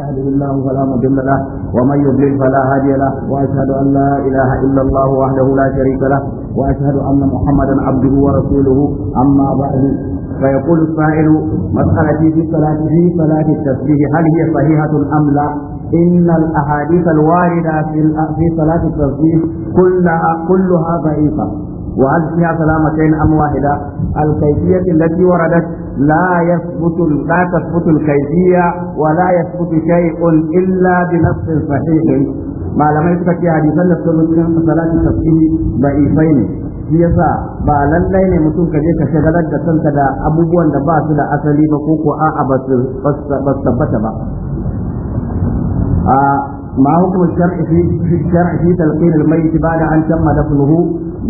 يهده الله فلا مضل له ومن يضلل فلا هادي له واشهد ان لا اله الا الله وحده لا شريك له واشهد ان محمدا عبده ورسوله اما بعد فيقول السائل مسألتي في صلاة في صلاة التسبيح هل هي صحيحة أم لا؟ إن الأحاديث الواردة في في صلاة التسبيح كلها كلها ضعيفة وهل فيها سلامتين أم واحدة؟ الكيفية التي وردت لا يثبت لا تثبت الكيفية ولا يثبت شيء إلا بنص صحيح ما لم يثبت يا حديث الله صلى الله عليه وسلم تفكيه ضعيفين يسا با لالله ne mutum kaje ka shagalar da kanka da abubuwan da ba su da asali ba ko ko a ba su tabbata ba a ma hukumu shar'i fi shar'i fi talqin al-mayt ba'da an tamma dafnuhu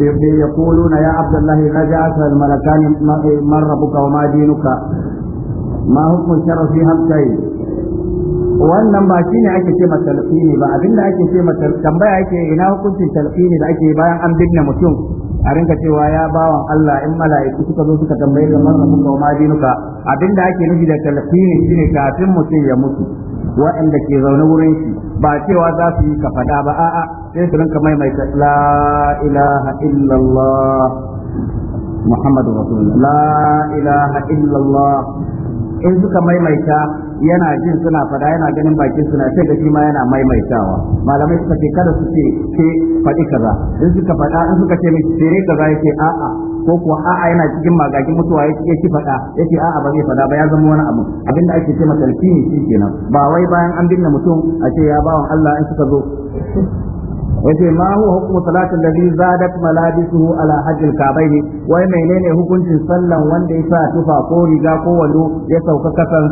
يقولون يا عبد الله رجعت الملكان من ربك وما دينك ما حكم الشر في هبتين wannan ba shine ake ce ma talqini ba abinda ake ce ma tambaya ake ina hukuncin talqini da ake bayan an binne mutum a rinka cewa ya bawan Allah in mala'iku suka zo suka tambaye da manzo muka wa madinuka abinda ake nufi da talqini shine kafin mutum ya mutu waɗanda ke zaune wurin shi ba cewa za su yi ka faɗa ba a'a sai su rinka maimaita la ilaha illallah muhammadu rasulullah la ilaha illallah in suka maimaita yana jin suna fada yana ganin bakin suna sai da shi ma yana maimaitawa malamai suka ce kada su ce ke faɗi kaza in suka faɗa in suka ce mishi tere kaza yake a'a ko kuwa a'a yana cikin magagin mutuwa ya ci faɗa ya ce a'a ba zai faɗa ba ya zama wani abu abinda ake ce masa alfini shi kenan ba wai bayan an binne mutum a ce ya bawan Allah in suka zo yace ma huwa hukmu salatin ladhi zadat malabisuhu ala hajjil kabaini wai menene hukuncin sallan wanda yasa tufa ko riga ko wando ya sauka kasan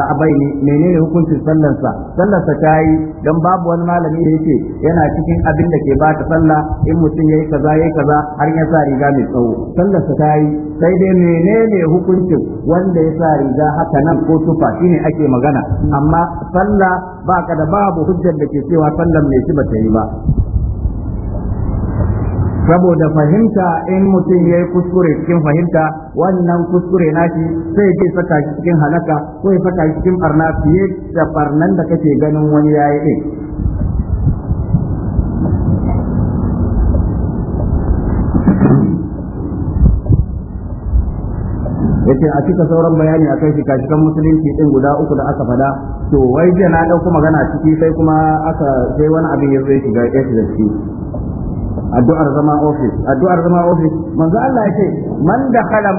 kabaini menene hukuncin sallan sa sallar sa tayi dan babu wani malami da yake yana cikin abin da ke bata sallah in mutum yayi kaza yayi kaza har ya sa riga mai tsawo sallar sa tayi sai dai menene hukuncin wanda yasa riga haka nan ko tufa shine ake magana amma sallah baka da babu hujjar da ke cewa sallar mai shi bata yi ba saboda fahimta in mutum ya yi kuskure cikin fahimta wannan kuskure nashi sai zai saka cikin halaka ko ya saka cikin barna fiye da barnan da kake ganin wani yayi din yace a cika sauran bayani a akan shikashikan musulunci din guda uku da aka fada to wai jiya na dauko magana ciki sai kuma aka sai wani abin ya zo ya shiga ya shiga ciki addu'ar zama ofis addu'ar zama ofis manzo Allah ya man da kalam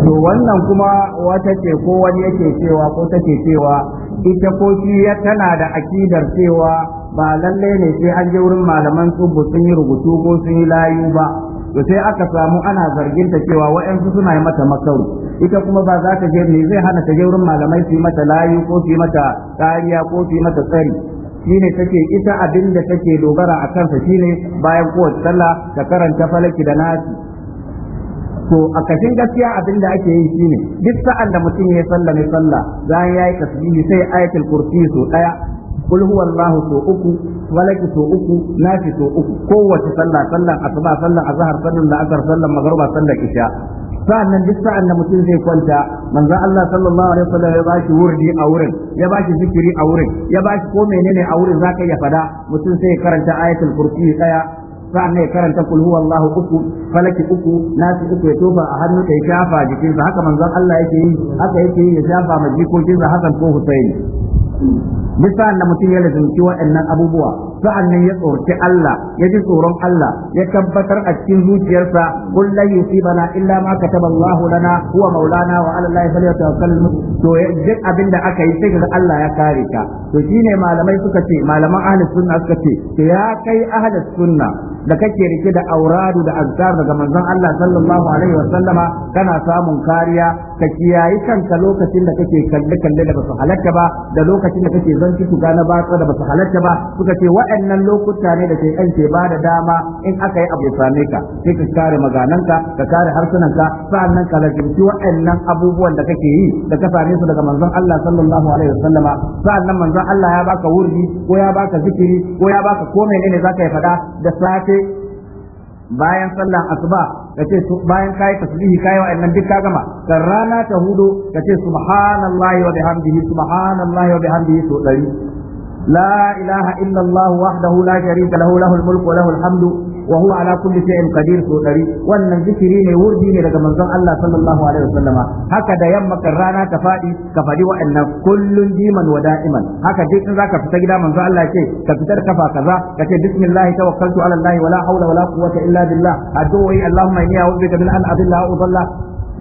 to wannan kuma wata ce ko wani yake cewa ko take cewa ita ko shi tana da akidar cewa ba lallai ne sai an je wurin malaman su sun yi rubutu ko sun yi layu ba to sai aka samu ana zargin ta cewa wa'ansu suna yi mata makaru ita kuma ba za ta je ne zai hana ta je wurin malamai su yi mata layu ko su yi mata kariya ko su yi mata tsari shine take ita abin da take dogara a kansa shine bayan kowace sallah ta karanta falaki da nasi to a kashin gaskiya abin da ake yi shine duk sa'an da mutum ya sallame sallah ya yi tasbihi sai ayatul kursi su ɗaya. kul huwa allah so uku walaki so uku nafi so uku kowace sallah sallan asuba sallan azhar sallan la'asar sallan magruba sallan isha sa'annan duk sa'an da mutum zai kwanta manzon Allah sallallahu alaihi ya bashi wurdi a wurin ya bashi zikiri a wurin ya bashi ko menene a wurin zaka ya fada mutum sai ya karanta ayatul ya daya sa'annan ya karanta kul huwallahu uku falaki uku nasi uku ya tofa a hannu ya shafa jikinsa haka manzon Allah yake yi haka yake yi ya shafa ma jikokinsa Hassan ko Husaini duk na da mutum ya lazimci waɗannan abubuwa sa'annan nan ya tsorci Allah ya ji tsoron Allah ya tabbatar a cikin zuciyarsa kul la yusibana illa ma kataba Allah lana huwa maulana wa ala Allah falyatawakkal to duk abin da aka yi sai ga Allah ya kare ka to shine malamai suka ce malaman ahlus sunna suka ce ya kai ahlus sunna da kake rike da auradu da azkar daga manzon Allah sallallahu alaihi wa sallama kana samun kariya ka kiyayi kanka lokacin da kake kalle kalle da basu halarta ba da lokacin da kake zanci su na batsa da basu halarta ba suka ce wa'annan lokuta ne da shaytan ke ba da dama in aka yi abu same ka sai ka kare magananka ka kare harsunanka sa'annan ka lazimci wa'annan abubuwan da kake yi da ka same su daga manzon Allah sallallahu alaihi wasallama sa'annan manzon Allah ya baka wurdi ko ya baka zikiri ko ya baka ko ne zaka yi fada da safe bayan sallah asuba kace bayan kai tasbihi kai wa'annan duk ka gama kan rana ta hudu kace subhanallahi wa bihamdihi subhanallahi wa bihamdihi to dari لا إله إلا الله وحده لا شريك له له الملك وله الحمد وهو على كل شيء قدير سودري وان ذكري ne wurdi ne daga manzon Allah sallallahu alaihi wasallama haka da yamma kan rana ta fadi ka fadi waɗannan kullun diman wa da'iman haka duk in zaka fita gida manzon Allah ce ka fitar kafa kaza ka ce bismillah tawakkaltu ala Allah wala hawla wala quwwata illa billah addu'i allahumma inni a'udhu bika min an adilla wa udalla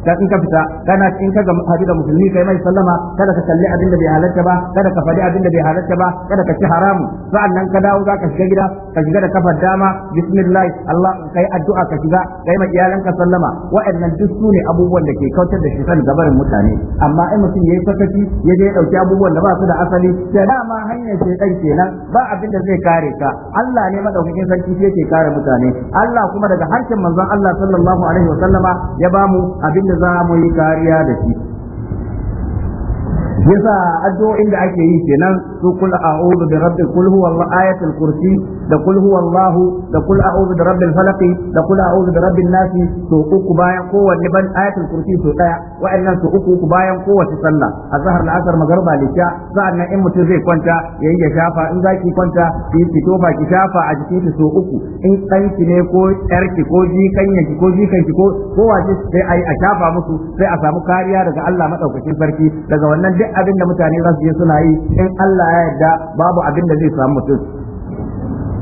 dan in ka fita kana in ka ga hadu da musulmi kai mai sallama kada ka kalli abin da bai halarta ba kada ka faɗi abin da bai halarta ba kada ka ci haramu sa'annan ka dawo zaka shiga gida ka shiga da kafar dama bismillah Allah kai addu'a ka shiga kai ma iyalanka sallama wa'annan duk su ne abubuwan da ke kautar da shi san gabarin mutane amma in mutum yayi sakaci ya je ɗauki dauki abubuwan da ba su da asali da dama hanyar shedan kenan ba abin da zai kare ka Allah ne madaukakin sarki shi yake kare mutane Allah kuma daga harshen manzon Allah sallallahu alaihi wa ya bamu abin da za mu yi kariya da shi yasa addu'o'in da ake yi kenan su kul a'udhu bi rabbil kul huwallahu ayatul kursi da kul huwallahu da kul a'udhu bi rabbil falaq da kul a'udhu bi rabbin nas to uku bayan kowanne ban ayatul kursi to daya wa'annan su uku uku bayan kowace sallah azhar al'asr magharba lisha sa'annan in mutum zai kwanta yayi ya shafa in zaki kwanta ki fito ba ki shafa a jikin ki so uku in danki ne ko yarki ko jikanyanki ko jikanki ko kowace sai a shafa musu sai a samu kariya daga Allah madaukakin sarki daga wannan duk abin da mutane za su je suna yi in Allah ya yarda babu abin da zai samu mutum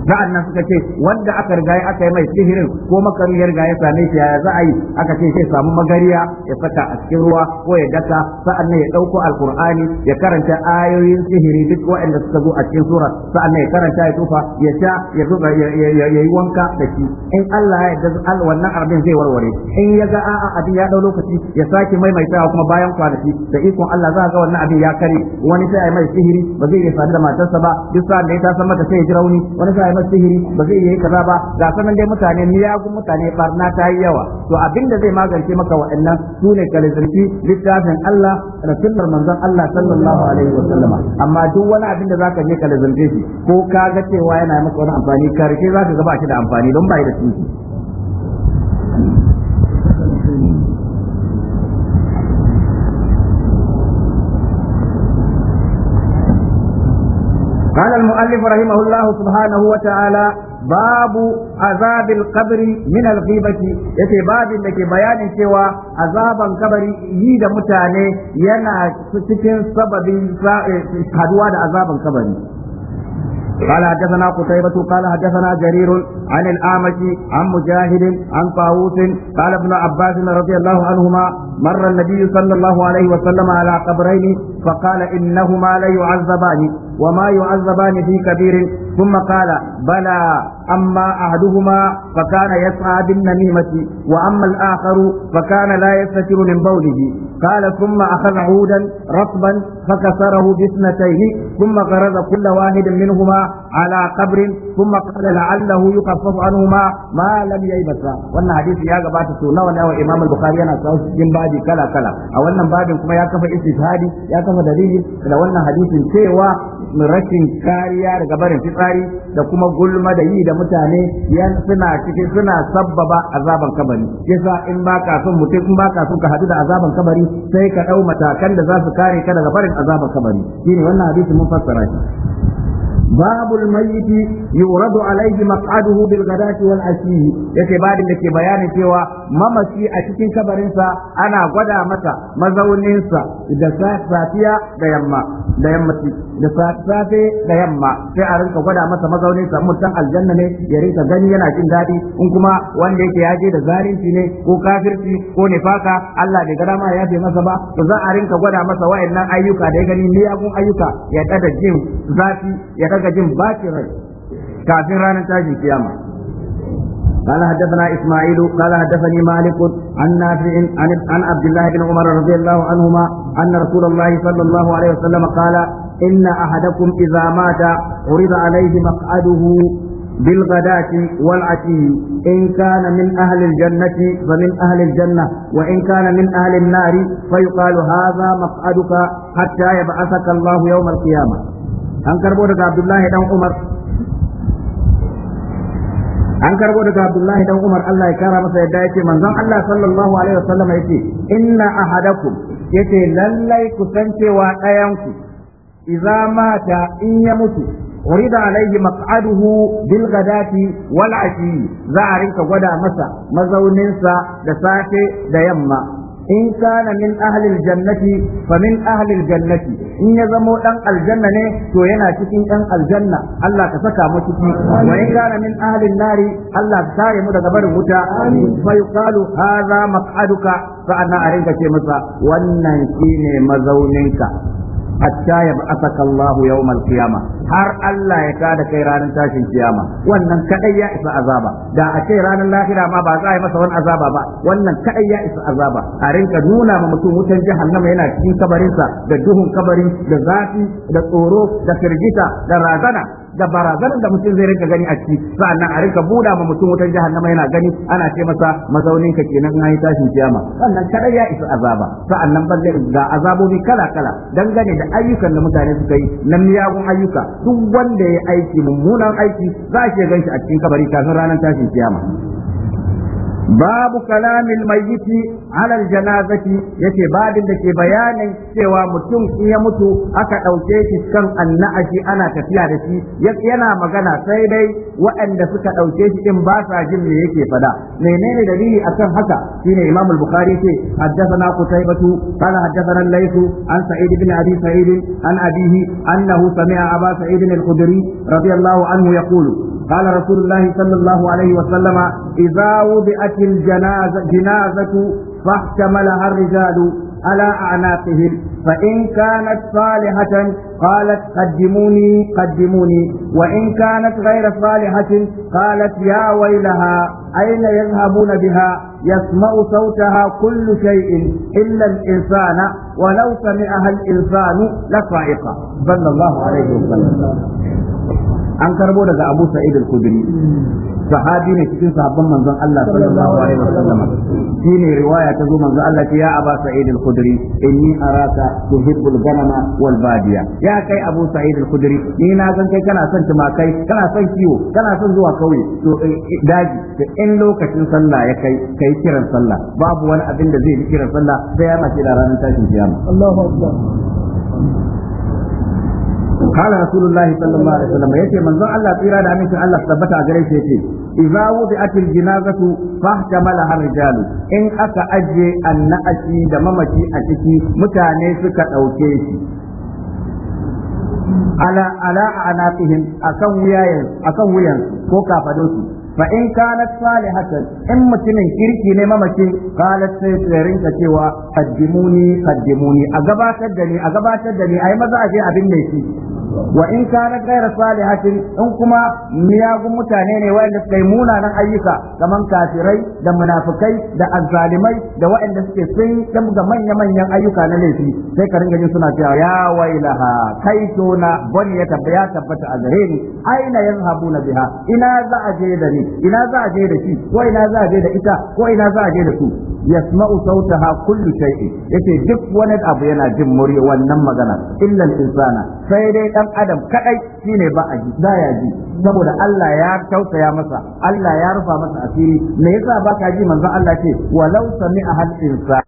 sa'an nan suka ce wanda aka riga aka yi mai sihirin ko makarin ya riga ya same shi ya za a yi aka ce sai samu magariya ya saka a cikin ruwa ko ya daka sa'an nan ya dauko Alkur'ani ya karanta ayoyin sihiri duk waɗanda suka zo a cikin sura sa'an nan ya karanta ya tufa ya sha ya zuba ya yi wanka da shi in Allah ya yarda al wannan abin zai warware in ya ga a'a abin ya dau lokaci ya sake maimaitawa kuma bayan kwanaki da ikon Allah za ga wannan abin ya kare wani sai ai mai sihiri ba zai iya sadu da matarsa ba duk sa'an da ya ta san mata sai ya ji rauni wani sai na sihiri ba zai yi kaza ba ga sanan dai mutane miyagun mutane barna ta yi yawa to abin da zai magance maka waɗannan su ne kalizirki littafin Allah da sunnar manzon Allah sallallahu alaihi wa sallama amma duk wani abin da zaka je kalizirke shi ko ka ga cewa yana maka wani amfani karshe zaka gaba shi da amfani don ba da tushe قال المؤلف رحمه الله سبحانه وتعالى باب عذاب القبر من الغيبة يتي باب لك بيان سوى عذاب القبر يد متاني ينا سكين سبب حدوى عذاب القبر قال حدثنا قتيبة قال حدثنا جرير عن الأعمش عن مجاهد عن طاووس قال ابن عباس رضي الله عنهما مر النبي صلى الله عليه وسلم على قبرين فقال إنهما ليعذبان وما يعذبان في كبير ثم قال بلى أما أحدهما فكان يسعى بالنميمة وأما الآخر فكان لا يستتر من بوله قال ثم أخذ عودا رطبا فكسره باثنتين ثم غرز كل واحد منهما على قبر ثم قال لعله يخفف عنهما ما basa. Wannan وانا ya gabata غبات nawa نوا wa امام Bukhari yana kawo cikin babi kala kala a wannan babin kuma ya kafa istihadi ya kafa dalili da wannan hadisin cewa rashin kariya daga barin fitsari da kuma gulma da yi da mutane yan suna cikin suna sabbaba azaban kabari yasa in baka son mutum in baka son ka hadu da azaban kabari sai ka dau matakan da za su kare ka daga barin azaban kabari shine wannan hadisin mun fassara shi باب الميت يورد عليه مقعده بالغداة والعشي yake babin da ke cewa mamaci a cikin kabarinsa ana gwada masa mazauninsa da safe da yamma sai a rinka gwada masa mazauninsa mutan aljanna ne ya rinka gani yana jin daɗi in kuma wanda yake yaje da zalunci ne ko kafirci ko nifaka Allah bai ga dama ya fi masa ba to za a rinka gwada masa wa'annan ayyuka da ya gani miyagun ayyuka ya kada jin zafi ya kaga jin bacin rai kafin ranar tashin kiyama قال حدثنا اسماعيل قال حدثني مالك عن نافع عن عبد الله بن عمر رضي الله عنهما ان رسول الله صلى الله عليه وسلم قال ان احدكم اذا مات عرض عليه مقعده بالغداة والعشي إن كان من أهل الجنة فمن أهل الجنة وإن كان من أهل النار فيقال هذا مقعدك حتى يبعثك الله يوم القيامة an karbo daga Abdullahi dan Umar an karbo daga Abdullahi dan Umar Allah ya kara masa yadda yake manzon Allah sallallahu alaihi wasallam yake inna ahadakum yace lallai ku wa ɗayanku idza mata in ya mutu urida alaihi maq'aduhu bil ghadati wal ashi za a rinka gwada masa mazauninsa da safe da yamma in kana min ahlil jannati fa min ahlil jannati in ya zamo dan aljanna ne to yana cikin dan aljanna Allah ka saka mu ciki wa in kana min ahlin nari Allah ka sare mu daga barin wuta fa yuqalu hadha maq'aduka fa anna arinka ce masa wannan shine mazauninka hatta ya ba'athaka Allah yawmal qiyama har Allah ya kada kai ranar tashin kiyama wannan kadai ya isa azaba da a ce ranar lahira ma ba za a yi masa wani azaba ba wannan kadai ya isa azaba a rinka nuna ma mutum wutan jahannama yana cikin kabarinsa da duhun kabari da zafi da tsoro da firgita da razana da barazanar da mutum zai rinka gani a ciki sa'annan a rinka buɗa ma mutum wutar jahannama yana gani ana ce masa mazaunin ka kenan an yi tashin kiyama sannan kada ya isa azaba sa'annan zai ga azabobi kala kala dangane da ayyukan da mutane suka yi na miyagun ayyuka duk wanda ya yi aiki mummunan aiki za a ce ganshi a cikin kabari kafin ranar tashin kiyama babu kalamin mai mayyiti alal janazati yace babin da ke bayanin cewa mutum in ya mutu aka ɗauke shi kan annashi ana tafiya da shi yana magana sai dai waɗanda suka ɗauke shi ɗin basa jin me yake fada menene dalili akan haka shine imam al-bukhari ce haddathana qutaybatu qala haddathana al-laythu an sa'id ibn abi sa'id an abihi annahu sami'a aba sa'id al-khudri radiyallahu anhu yaqulu قال رسول الله صلى الله عليه وسلم إذا وضعت الجنازة جنازة فاحتملها الرجال على أعناقهم فإن كانت صالحة قالت قدموني قدموني وإن كانت غير صالحة قالت يا ويلها أين يذهبون بها يسمع صوتها كل شيء إلا الإنسان ولو سمعها الإنسان لصائقة صلى الله عليه وسلم an karbo daga Abu Sa'id al-Khudri sahabi ne cikin sahabban manzon Allah sallallahu alaihi wasallam shine riwaya ta zo manzon Allah ya Aba Sa'id al-Khudri inni araka tuhibbul ganama wal badiya ya kai Abu Sa'id al-Khudri ni na san kai kana son tumakai kana son kiwo kana son zuwa kauye to eh, daji da in lokacin sallah ya kai kai kiran sallah babu wani abin da zai yi kiran sallah sai ya mace da ranar tashin kiyama Allahu akbar qala rasulullah sallallahu alaihi wasallam yace manzon Allah tsira da amincin Allah tabbata a gare shi yace idza wudi'at al-janazatu fahtamala ar-rijal in aka ajje annashi da mamaci a ciki mutane suka ɗauke shi ala ala anaqihim akan wuyan ko kafadonsu fa in kanat salihatan in mutumin kirki ne mamacin qalat sai ta rinka cewa qaddimuni qaddimuni a gabatar da ni a gabatar da ni ai maza a je abin da yake wa in kana ghayra salihatin in kuma miyagun mutane ne wayanda suka yi munanan ayyuka kaman kafirai da munafikai da azzalimai da wayanda suke sun ga manya manyan ayyuka na laifi sai ka ringa jin suna cewa ya wailaha na bani ya tabbata a gare ni aina yanhabuna biha ina za a je da ni ina za a je da shi ko ina za a je da ita ko ina za a je da su yasma'u sautaha kullu shay'in yace duk wani abu yana jin murya wannan magana illa insana sai dai dan adam kadai shine ba a ji ya ji saboda Allah ya tausaya masa Allah ya rufa masa asiri me yasa baka ji manzon Allah ce walau sami'a hal insana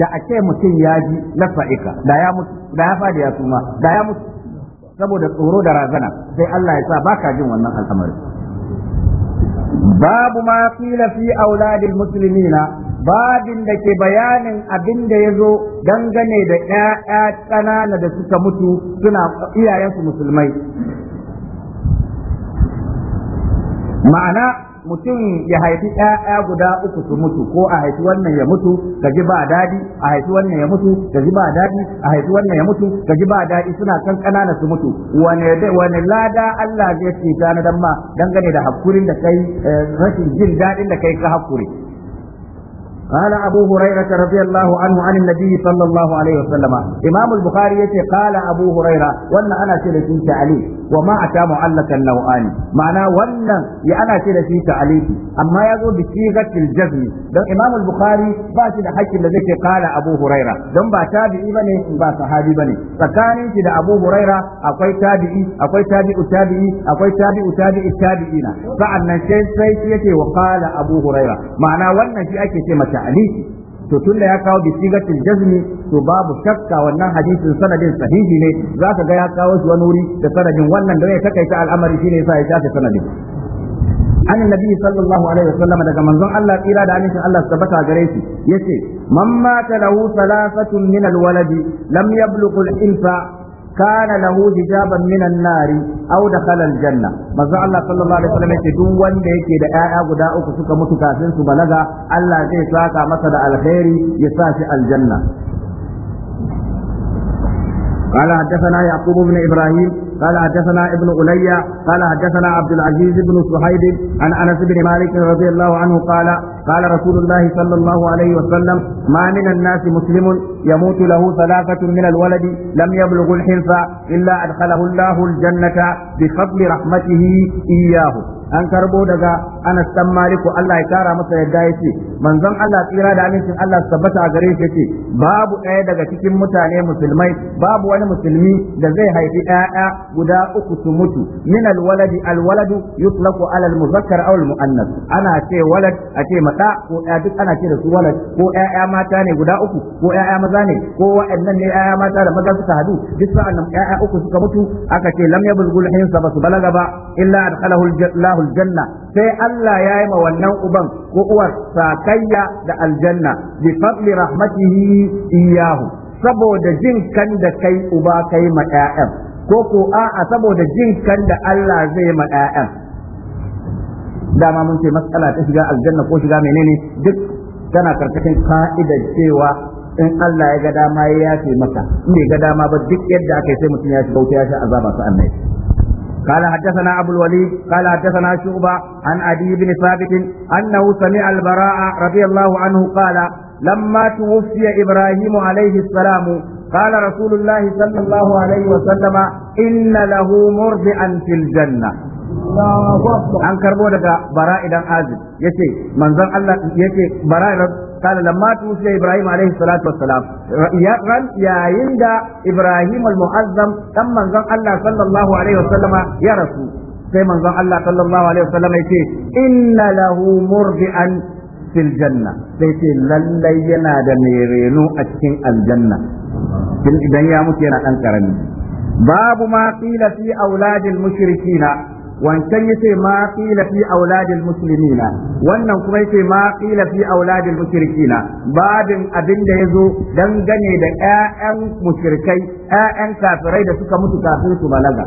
da a ce mutum ya ji na fa'ika da ya mutu da ya fadi ya suma da ya mutu saboda tsoro da razana sai Allah ya sa baka jin wannan al'amari babu ma qila fi musulmi muslimina babin da ke bayanin abin da ya zo dangane da ƴaƴa ƙanana da suka mutu suna iyayensu musulmai ma'ana mutum ya haifi ɗaya guda uku su mutu ko a haifi wannan ya mutu ga ji ba dadi a haifi wannan ya mutu ga ji ba dadi a haifi wannan ya mutu ga ji ba dadi suna kan kanana su mutu wane lada Allah zai ce ta na dan ma dangane da hakurin da kai eh, rashin jin daɗin da kai ka hakuri قال أبو هريرة رضي الله عنه عن النبي صلى الله عليه وسلم إمام البخاري قال أبو هريرة وأن أنا سلسلة علي wa ma ata mu'allakan nau'ani ma'ana wannan ya ana ce da shi ta'aliki amma ya zo bi sigatil jazmi dan Imam al-Bukhari ba shi da hakkin da zai kala Abu Huraira dan ba tabi'i bane ba sahabi bane tsakanin shi da Abu Huraira akwai tabi'i akwai tabi'u tabi'i akwai tabi'u tabi'i tabi'ina sa'annan sai sai yake wa kala Abu Huraira ma'ana wannan shi ake ce mata alifi to tun da ya kawo bi sigatil jazmi to babu shakka wannan hadisin sanadin sahihi ne zaka ga ya kawo shi wani wuri da sanadin wannan da ya takaita al'amari shine yasa ya shafe sanadin an annabi sallallahu alaihi wasallam daga manzon Allah tsira da amincin Allah tabbata gare shi yace man mata lahu salasatun min alwaladi lam yablughu al-insa kana lahu hijaban minan nari aw dakhala aljanna manzo Allah sallallahu alaihi wasallam yace duk wanda yake da 'ya'ya guda uku suka mutu kafin su balaga Allah zai saka masa da alkhairi ya sa shi aljanna قال حدثنا يعقوب بن ابراهيم قال حدثنا ابن علي قال حدثنا عبد العزيز بن صهيب عن انس بن مالك رضي الله عنه قال قال رسول الله صلى الله عليه وسلم ما من الناس مسلم يموت له ثلاثة من الولد لم يبلغ الحنف إلا أدخله الله الجنة بفضل رحمته إياه an karbo daga Anas dan Maliku Allah ya kara masa yadda yake manzon Allah tsira da amincin Allah tabbata a gare shi yace babu ɗaya daga cikin mutane musulmai babu wani musulmi da zai haifi ɗaya guda uku su mutu min alwaladi alwaladu yutlaqu ala almuzakkar aw almuannas ana ce walad a ce ma da ko ya duk ana ce da su walad ko ƴaƴa mata ne guda uku ko ƴaƴa maza ne ko waɗannan ne ƴaƴa mata da maza suka hadu duk sa'an nan ƴaƴa uku suka mutu aka ce lam yablughul hinsa basu balaga ba illa adkhalahu Allahu aljanna sai Allah ya yi ma wannan uban ko uwar sakayya da aljanna bi fadli rahmatihi iyahu saboda jin kan da kai uba kai ma ƴaƴan ko ko a'a saboda jin kan da Allah zai ma ƴaƴan dama mun ce matsala ta shiga aljanna ko shiga menene duk tana karkashin ka'idar cewa in Allah ya ga dama ya yafe maka in bai ga dama ba duk yadda aka yi sai mutum ya shiga wuta ya sha azaba sa annai قال حدثنا أبو الوليد قال حدثنا شعبة عن عدي بن ثابت أنه سمع البراء رضي الله عنه قال لما توفي إبراهيم عليه السلام قال رسول الله صلى الله عليه وسلم إن له مرضعا في الجنة an karbo daga bara idan azib yace manzon Allah yace bara idan قال لما توفي ابراهيم عليه الصلاه والسلام ran yayin da ibrahim al-mu'azzam dan manzon Allah sallallahu alaihi wasallama ya rasu sai manzon Allah sallallahu alaihi wasallama yace inna lahu murdi'an fil janna sai ce lallai yana da mai reno a cikin aljanna idan ya mutu yana dan karami babu ma qila fi auladil mushrikina wancan yace ma qila fi auladil muslimina wannan kuma yace ma qila fi auladil mushrikina babin abin da yazo dangane da ƴaƴan mushrikai ƴaƴan kafirai da suka mutu kafin su balaga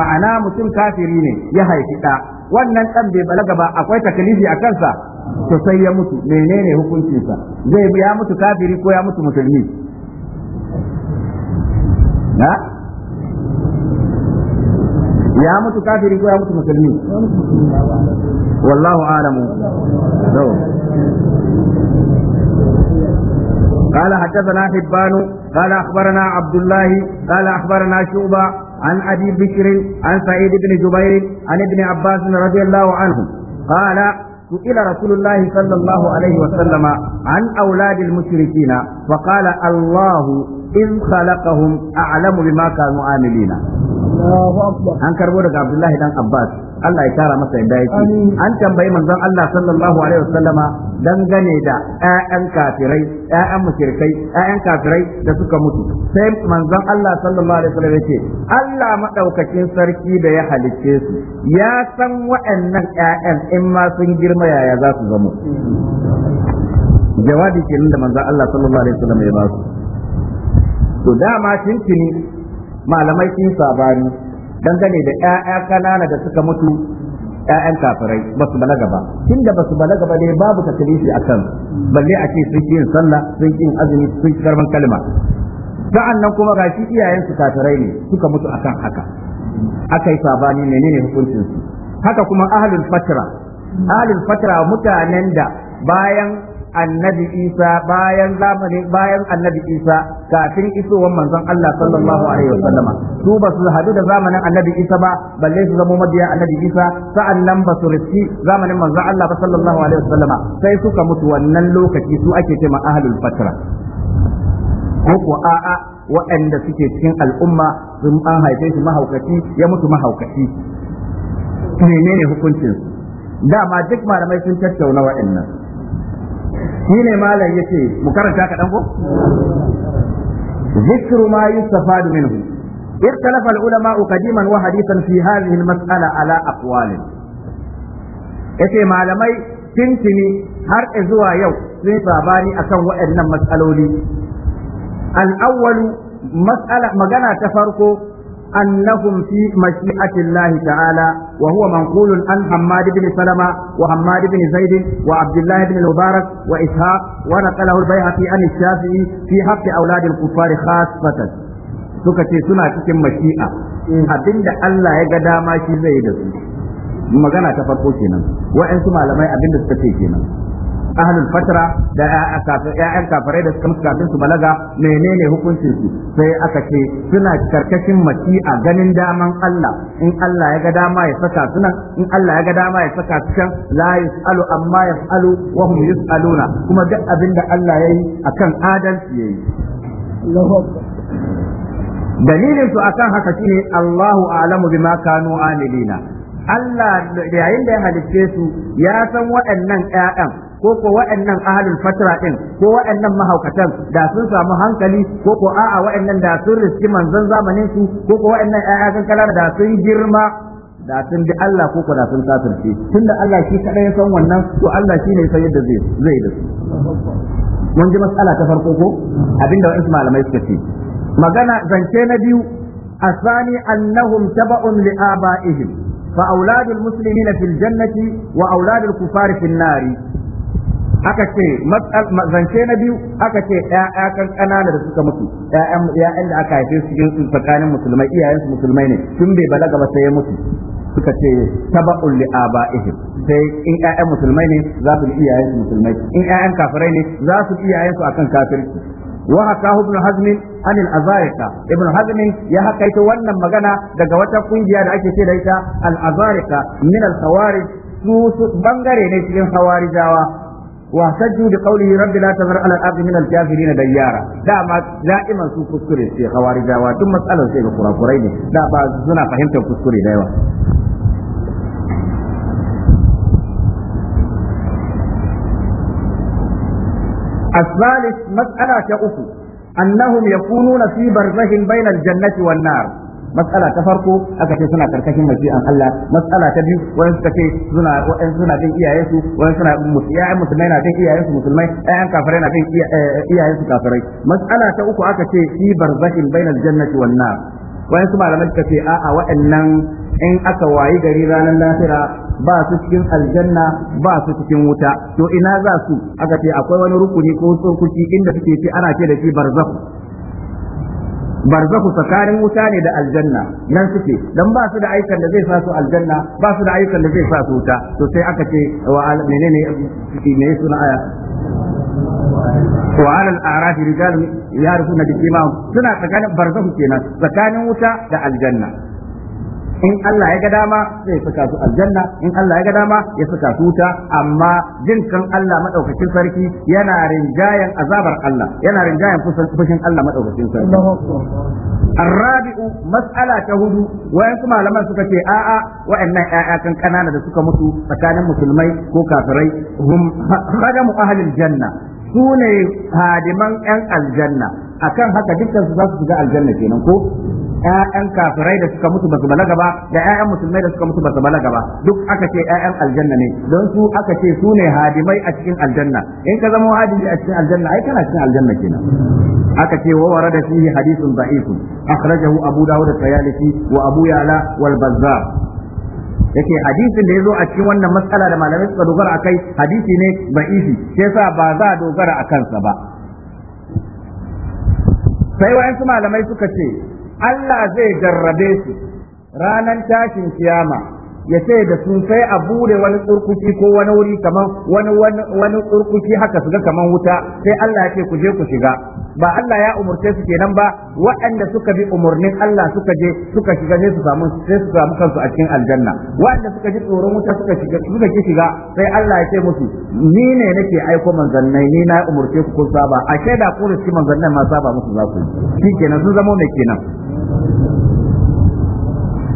ma'ana mutum kafiri ne ya haifi ɗa wannan ɗan bai balaga ba akwai takalifi a kansa to sai ya mutu menene hukuncinsa zai ya mutu kafiri ko ya mutu musulmi na ya mutu kafiri ko ya mutu musulmi wallahu a'lamu قال حدثنا حبان قال اخبرنا عبد الله قال اخبرنا شعبه عن ابي بكر عن سعيد بن جبير عن ابن عباس رضي الله عنه قال سئل رسول الله صلى الله عليه وسلم عن اولاد المشركين فقال الله in khalaqahum a'lamu bima kanu amilina an karbo daga Abdullahi dan Abbas Allah ya tara masa yadda yake an tambayi manzon Allah sallallahu alaihi wasallama dangane da ƴaƴan kafirai ƴaƴan mushrikai ƴaƴan kafirai da suka mutu sai manzon Allah sallallahu alaihi wasallam yake Allah madaukakin sarki da ya halicce su ya san waɗannan ƴaƴan in ma sun girma yaya za su zama jawabi kenan da manzon Allah sallallahu alaihi wasallam ya ba su to dama tintini malamai sun sabani dangane da ƴaƴa kanana da suka mutu ƴaƴan kafirai ba su balaga ba tunda ba su balaga ba ne babu takalifi a kan balle a ce sun yin sallah sun yin azumi sun karban kalma sa'an nan kuma gashi iyayen su kafirai ne suka mutu akan haka akai sabani menene hukuncin su haka kuma ahlul fatra ahlul fatra mutanen da bayan annabi Isa bayan zamani bayan annabi Isa kafin isowar manzon Allah sallallahu alaihi wasallama su ba su hadu da zamanin annabi Isa ba balle su zama mabiya annabi Isa sa'annan ba su riski zamanin manzon Allah sallallahu alaihi wasallama sai suka mutu wannan lokaci su ake cewa ahlul fatra ko ko a'a waɗanda suke cikin al'umma sun an haife shi mahaukaci ya mutu mahaukaci menene hukuncin dama duk malamai sun tattauna waɗannan ni ne malam ya ce mu karanta kaɗan ko. Bisir ma'aikata faɗumin ku. Irin ta lafa wa hadisan su yi haɗin matsala a la Afuwalin. malamai tuntuni har in zuwa yau sun faɗa ba ni akan wa'idan matsaloli. An awwalu magana ta farko. أنهم في مشيئة الله تعالى وهو منقول عن حماد بن سلمة وحماد بن زيد وعبد الله بن المبارك وإسحاق ونقله البيهقي عن الشافعي في حق أولاد الكفار خاصة suka ce suna cikin mashi'a abinda Allah ya ga dama shi zai da su magana ta farko kenan wa'ansu malamai abinda suka ce kenan ahlul fatra da ƴaƴan kafirai da suka mutu kafin su balaga menene hukuncin su sai aka ce suna karkashin maci a ganin daman Allah in Allah ya ga dama ya saka su nan in Allah ya ga dama ya saka su can la yasalu amma yasalu wa hum yasaluna kuma duk abin da Allah yayi akan adalci yayi dalilin su akan haka shine Allahu a'lamu bima kanu amilina Allah yayin da ya halicce su ya san waɗannan ƴaƴan ko ko wa'annan ahalin fatra din ko wa'annan mahaukatan da sun samu hankali ko ko a'a wa'annan da sun riski manzon zamanin su ko ko wa'annan ƴaƴa kankana da sun girma da sun bi Allah ko da sun kafirce tunda Allah shi kadai ya san wannan to Allah shi ne ya san yadda zai zai da su mun ji mas'ala ta farko ko abinda wa'ansu malamai suka ce magana zance na biyu الثاني أنهم تبع لآبائهم فأولاد المسلمين في الجنة وأولاد الكفار في النار aka ce zance na biyu aka ce ƴaƴa kan ƙanana da suka mutu ƴaƴan da aka haife su cikin tsakanin musulmai iyayen su musulmai ne tun bai balaga ba sai ya mutu suka ce taba'un li aba'ihim sai in ƴaƴan musulmai ne za su bi iyayen su musulmai in ƴaƴan kafirai ne za su bi iyayen su akan kafirci وحكاه ya حزم wannan magana daga wata kungiya da ake دقا da ita al اكي Min al الخوارج su bangare ne cikin Hawari hawarijawa واحتجوا بقوله رب لا تذر على الارض من الكافرين ديارا دا ما دائما سو كسكري في خوارج واتم مساله سي بقرافرين دا با سنا فهمت كسكري دا يوا الثالث مسألة أخرى أنهم يكونون في برزه بين الجنة والنار matsala ta farko aka ce suna karkashin mashi'an Allah matsala ta biyu wani suka ce suna wa'en suna bin iyayensu wani suna iyayen musulmai na iyaye iyayensu musulmai ɗayan kafirai na iyaye eh, iyayensu kafirai matsala ta uku aka ce shi barzakin bainal jannati wan nar wani su malamai suka ce a'a wa'annan in aka wayi gari ranar lafira ba su cikin aljanna ba su cikin wuta to ina za su aka ce akwai wani rukuni ko tsokoki inda suke ce ana ce da shi barzakh barzaku tsakanin wuta ne da aljanna nan suke dan ba su da aikan da zai sa su aljanna ba su da aikan da zai sa su wuta to sai aka ce wa menene ne suna aya wa alal arafi rijalun yarifuna bi suna tsakanin barzaku kenan tsakanin wuta da aljanna in Allah ya ga dama zai saka su aljanna in Allah ya ga dama ya saka su wuta amma jin kan Allah madaukakin sarki yana rinjayen azabar Allah yana rinjayen fushin Allah madaukakin sarki Arabi'u mas'ala ta hudu wayan kuma malaman suka ce a'a wa'annan ƴaƴa kan kanana da suka mutu tsakanin musulmai ko kafirai hum hadamu ahlil janna sune hadiman ƴan aljanna akan haka dukkan su za su shiga aljanna kenan ko ƴaƴan kafirai da suka mutu basu balaga ba da ƴaƴan musulmai da suka mutu basu balaga ba duk aka ce ƴaƴan aljanna ne don su aka ce su ne hadimai a cikin aljanna in ka zama hadimi a cikin aljanna ai kana cikin aljanna kenan aka ce wa warada fihi hadithun da'if akhrajahu abu dawud at-tayalisi wa abu ya'la wal bazzar yake hadisin da ya zo a cikin wannan matsala da malamai suka dogara akai hadisi ne ba'ifi sai sa ba za a dogara a kansa ba sai wayansu malamai suka ce Allah zai jarrabe su ranan tashin kiyama ya ce da su sai a bude wani kurkushi ko wani wuri kamar wani wani kurkushi haka su ga kaman wuta sai Allah ya ce ku je ku shiga ba Allah ya umurce su kenan ba waɗanda suka bi umurnin Allah suka je suka shiga sai su samu sai su samu kansu a cikin aljanna waɗanda suka ji tsoron wuta suka shiga suka ki shiga sai Allah ya ce musu ni ne nake aiko manzannai ni na umurce ku kun saba a shaida ku da cikin manzannai ma saba musu za ku shi kenan sun zamo mai kenan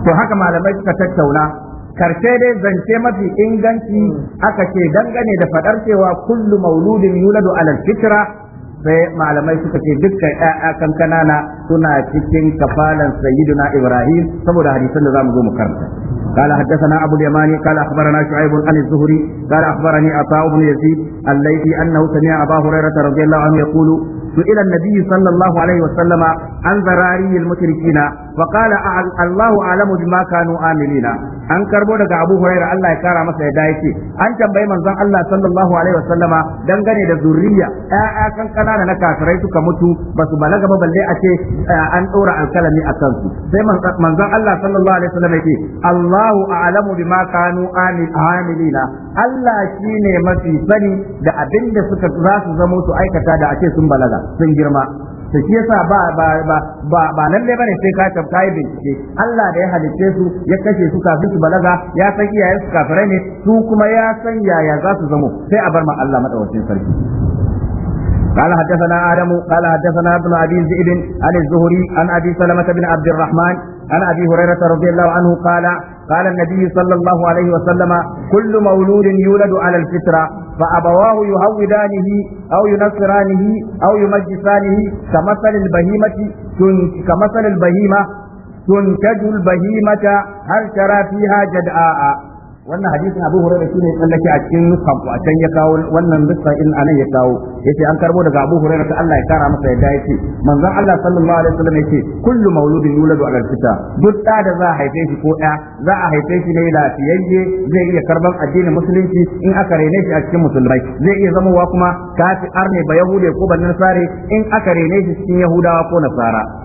to haka malamai suka tattauna karshe dai zance mafi inganci aka ce dangane da fadar cewa kullu mauludin yuladu alal fitra sai malamai suka ce dukkan ƴaƴa na suna cikin kafalan sayyidina ibrahim saboda hadisan da zamu zo mu karanta قال حدثنا ابو اليماني قال اخبرنا شعيب عن الزهري قال اخبرني عطاء بن يزيد الليثي انه سمع ابا هريره رضي الله عنه يقول سئل النبي صلى الله عليه وسلم عن ذراري المشركين فقال الله اعلم بما كانوا عاملين an karbo daga Abu huraira Allah ya kara masa ya dace an tambayi manzon Allah sallallahu alaihi wasallama dangane da zurriya ƴaƴa kan kanana na kafirai suka mutu ba su balaga ba balle a ce eh, an ɗora alkalami a kansu sai manzon Allah sallallahu alaihi wasallama yake Allahu a'lamu bima kanu amilina Allah shine mafi sani da abinda suka za su zamo su aikata da ake sun balaga sun girma to shi yasa ba ba ba ba ba ne bane sai ka tabta yi bincike Allah da ya halicce su ya kashe su kafin su balaga ya san iyayen su kafirai ne su kuma ya san yaya za su zamo sai a bar ma Allah madawacin sarki قال حدثنا آدم قال حدثنا ابن أبي ذئب عن الزهري عن أبي سلمة بن عبد الرحمن عن أبي هريرة رضي الله عنه قال قال النبي صلى الله عليه وسلم كل مولود يولد على الفطرة فأبواه يهودانه أو ينصرانه أو يمجسانه كمثل البهيمة كمثل البهيمة تنتج البهيمة هل ترى فيها جدعاء wannan hadisin Abu Hurairah shine ya tsallake a cikin nuskan a can ya kawo wannan nuskan in anan ya kawo yace an karbo daga Abu Hurairah ta Allah ya kara masa yadda yace manzon Allah sallallahu alaihi wasallam yace kullu mauludin yuladu ala fita duk da da za a haife shi ko ɗaya za a haife shi ne lafiyayye zai iya karban addinin musulunci in aka rene shi a cikin musulmai zai iya zamowa kuma kafi arne ba yahude ko ban nasare in aka rene shi cikin yahudawa ko nasara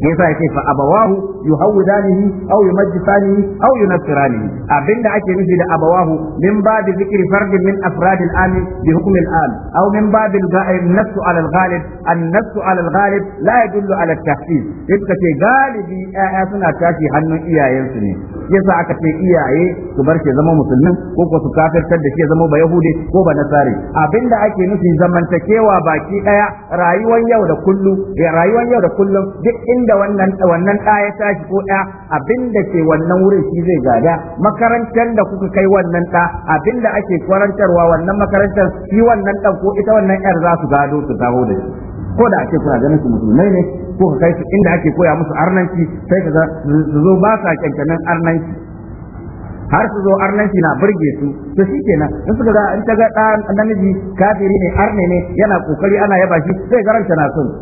yasa yake fa abawahu yuhawidanihi aw yumajjisanihi aw yunassiranihi abinda ake nufi da abawahu min babi zikri fardin min afradil ami bi hukm al am aw min babi al nafsu ala al ghalib an nafsu ala al ghalib la yadullu ala al tahsis yadda ce galibi ya'ya suna tashi hannun iyayensu ne yasa aka ce iyaye su bar shi zama musulmin ko ko su kafirtar da shi zama ba yahudi ko ba nasari abinda ake nufi zamantakewa baki daya rayuwar yau da kullu eh, rayuwar yau da kullum duk inda wannan wannan ɗa ya tashi ko ɗa abinda ke wannan wurin shi zai gada makarantar da kuka kai wannan ɗa abinda ake kwarantarwa wannan makarantar shi wannan ɗan ko ita wannan yar za su gado su dawo da shi ko da ake kuna ganin su musulmai ne ko kai su inda ake koya musu arnanci sai ka zo ba sa kyankyanin arnanci har su zo arnanci na burge su to kenan in suka ga in ta ga namiji kafiri ne arne ne yana kokari ana yaba shi sai garanta na son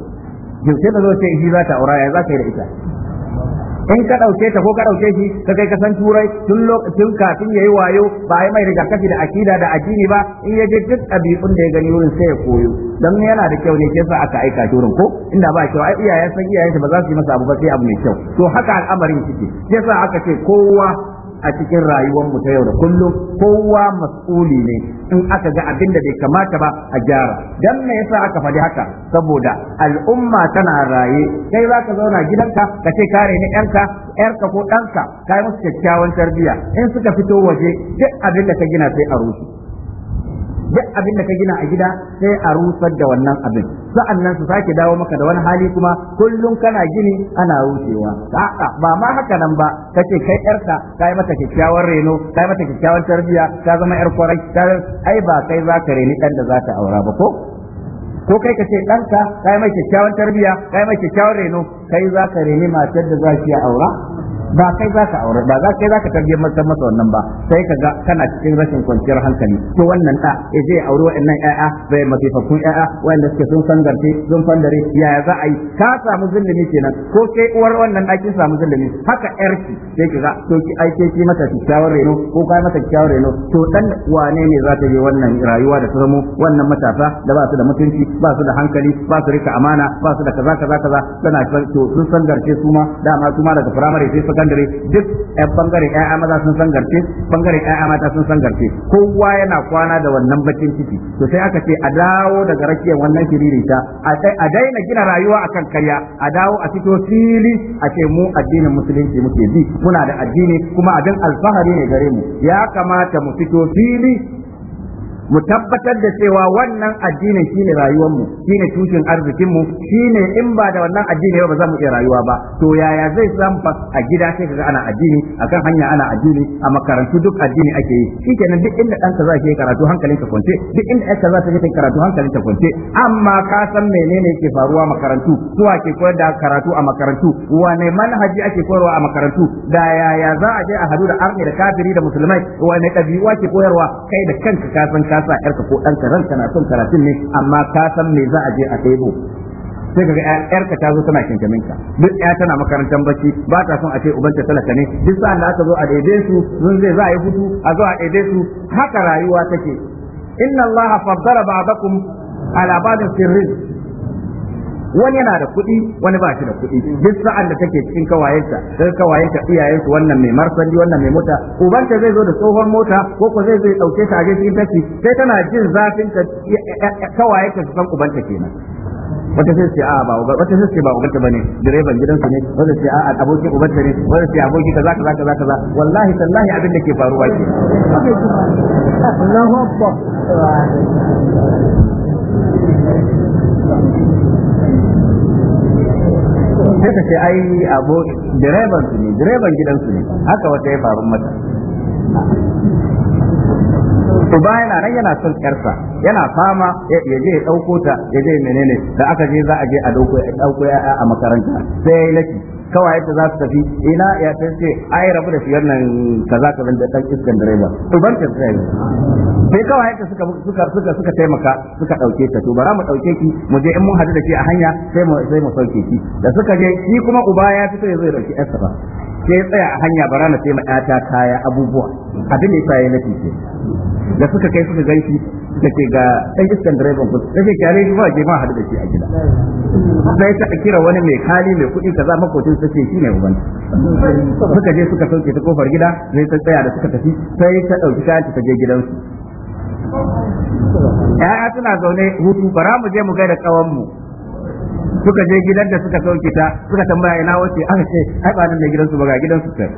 yaushe da zai ce shi za ta aura ya za ka yi da ita in ka ɗauke ta ko ka ɗauke shi ka kai kasan turai tun lokacin kafin yi wayo ba ai mai rigakafi da akida da addini ba in ya je duk ɗabi'un da ya gani wurin sai ya koyo dan yana da kyau ne ke sa aka aika shi wurin ko inda ba kyau ai iyayen san iyayen ba za su yi masa abu ba sai abu mai kyau to haka al'amarin kike ke sa aka ce kowa a cikin rayuwar mu ta yau da kullum kowa mas'uli ne in aka ga abin da bai kamata ba a gyara dan me yasa aka faɗi haka saboda al'umma tana raye kai za ka zauna gidanka ka ce kare ne yanka yarka ko ɗanka kai musu kyakkyawan tarbiyya in suka fito waje duk abin da ka gina sai a rushe duk abin da ka gina a gida sai a rusar da wannan abin sa'annan su sake dawo maka da wani hali kuma kullum kana gini ana rushewa a'a ba ma haka nan ba kace kai yarka kai mata kyakkyawar reno kai mata kyakkyawar tarbiyya ka zama yar kwarai ai ba kai za ka reni dan da za ta aura ba ko ko kai ka ce ɗanka kai mai kyakkyawan tarbiyya kai mai kyakkyawan reno kai za ka reni matar da za aura ba kai za ka aure ba za kai za ka tarbiyyar masa masa wannan ba sai ka ga kana cikin rashin kwanciyar hankali to wannan da ya je ya aure waɗannan ƴaƴa zai mafifafun ƴaƴa wanda suke sun sangarce sun fandare yaya za a yi ka samu zulumi kenan ko kai uwar wannan ɗaki samu zulumi haka ƴarki sai ki ga to ki aike ki mata kyakkyawar reno ko ka mata kyakkyawar reno to dan wane ne za ta je wannan rayuwa da ta zamo wannan matasa da ba su da mutunci ba su da hankali ba su rika amana ba su da kaza kaza kaza tana to sun sangarce su ma dama su ma daga firamare sai dare duk bangaren ƴaƴa maza sun garce bangaren ƴaƴa mata sun sangarce kowa yana kwana da wannan bakin ciki to sai aka ce a dawo daga rakiyar wannan kiririta a daina gina rayuwa akan karya a dawo a fito fili a ce mu addinin musulunci muke bi muna da addini kuma abin alfahari ne gare mu ya kamata mu fito fili mu tabbatar da cewa wannan addinin shine rayuwar mu shine tushen arzikin mu shine in ba da wannan addini ba za mu iya rayuwa ba to yaya zai samu a gida sai kaga ana addini akan hanya ana addini a makarantu duk addini ake yi shikenan duk inda ɗanka za ka karatu hankalin ka kwance duk inda ɗanka za ta yi karatu hankalin ta kwance amma ka san menene yake faruwa makarantu zuwa ke koyar da karatu a makarantu wane manhaji ake koyarwa a makarantu da yaya za a je a hadu da arni da kafiri da musulmai wane ɗabi'u ake koyarwa kai da kanka ka san ka sa yarka ko ɗanka ranka na son karatun ne amma ka san me za a je a ɗebo sai kaga yarka ta zo tana kinkamin duk ya tana makarantar bacci ba ta son a ce ubanta talaka ne duk sa'an da aka zo a daidai su sun zai za a yi hutu a zo a daidai su haka rayuwa take inna allaha faddala ba'dakum ala ba'din sirrin wani yana da kuɗi wani ba shi da kuɗi duk sa'an da take cikin kawayenta, sai kawayenta iyayensu wannan mai marsandi wannan mai mota ubanta zai zo da tsohon mota ko ko zai zai dauke ta je cikin taki sai tana jin zafin ta kawayenta su san ubanta kenan wata sai ce a ba wata sai ce ba ubanta bane direban gidansu ne wata sai a abokin ubanta ne wata sai aboki kaza kaza kaza kaza wallahi tallahi abin da ke faruwa ke Allahu akbar sai ce ai abu direban su ne direban gidansu ne haka wata ya faru mata ba yana nan yana son yarsa yana fama ya je ya ɗauko ta ya je menene da aka je za a je a dauko ya dauko ya a makaranta sai ya yi laki kawai ta za su tafi ina ya ta ce ai rabu da shi wannan kaza ka da dan iskan direba to ban ta sai sai kawai ta suka suka suka suka taimaka suka dauke ta to bara mu dauke ki mu je in mun hadu da shi a hanya sai mu sai mu sauke ki da suka je shi kuma uba ya fito ya zo ya dauki ba sai ya tsaya a hanya bara na sai ma ta kaya abubuwa abin da ya sa ya nafi da suka kai suka ganshi take ga dan iskan direban ku take shi ba ke ma hadu da shi a gida sai ta kira wani mai kali mai kuɗi kaza makocin sace shi ne uban suka je suka sauke ta kofar gida sai ta tsaya da suka tafi sai ta ɗauki kayan ta je gidansu ya'ya suna zaune hutu bara mu je mu gaida kawan mu suka je gidan da suka sauke ta suka tambaya ina wace aka ce ai ba nan da gidansu ba ga gidansu kai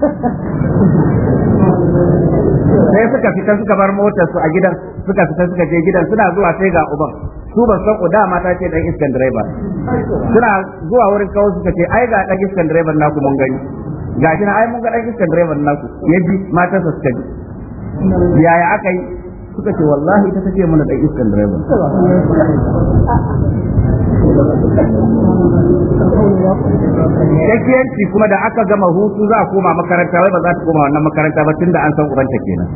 sai suka fita suka bar motar su a gidan suka fita suka je gidan suna zuwa sai ga uban su ban san uda mata ce dan iskan driver suna zuwa wurin kawo suka ce ai ga dan iskan driver naku mun gani gashi na ai mun ga dan iskan driver naku ya bi mata su suka ji yaya aka yi suka ce wallahi ita take mana dan iskan driver shakiyanci kuma da aka gama hutu za a koma makaranta wai ba za ta koma wannan makaranta ba tun da an san ubanta kenan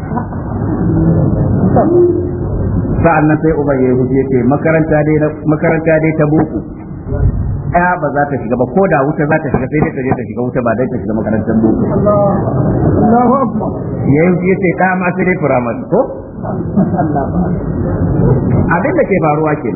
sa'an nan sai uban ya yi yace makaranta dai makaranta dai ta boko ɗaya ba za ta shiga ba ko da wuta za ta shiga sai dai ta je ta shiga wuta ba dai ta shiga makarantar boko Allahu Akbar hujje yace ɗaya ma sai dai firamare ko abin da ke faruwa ke,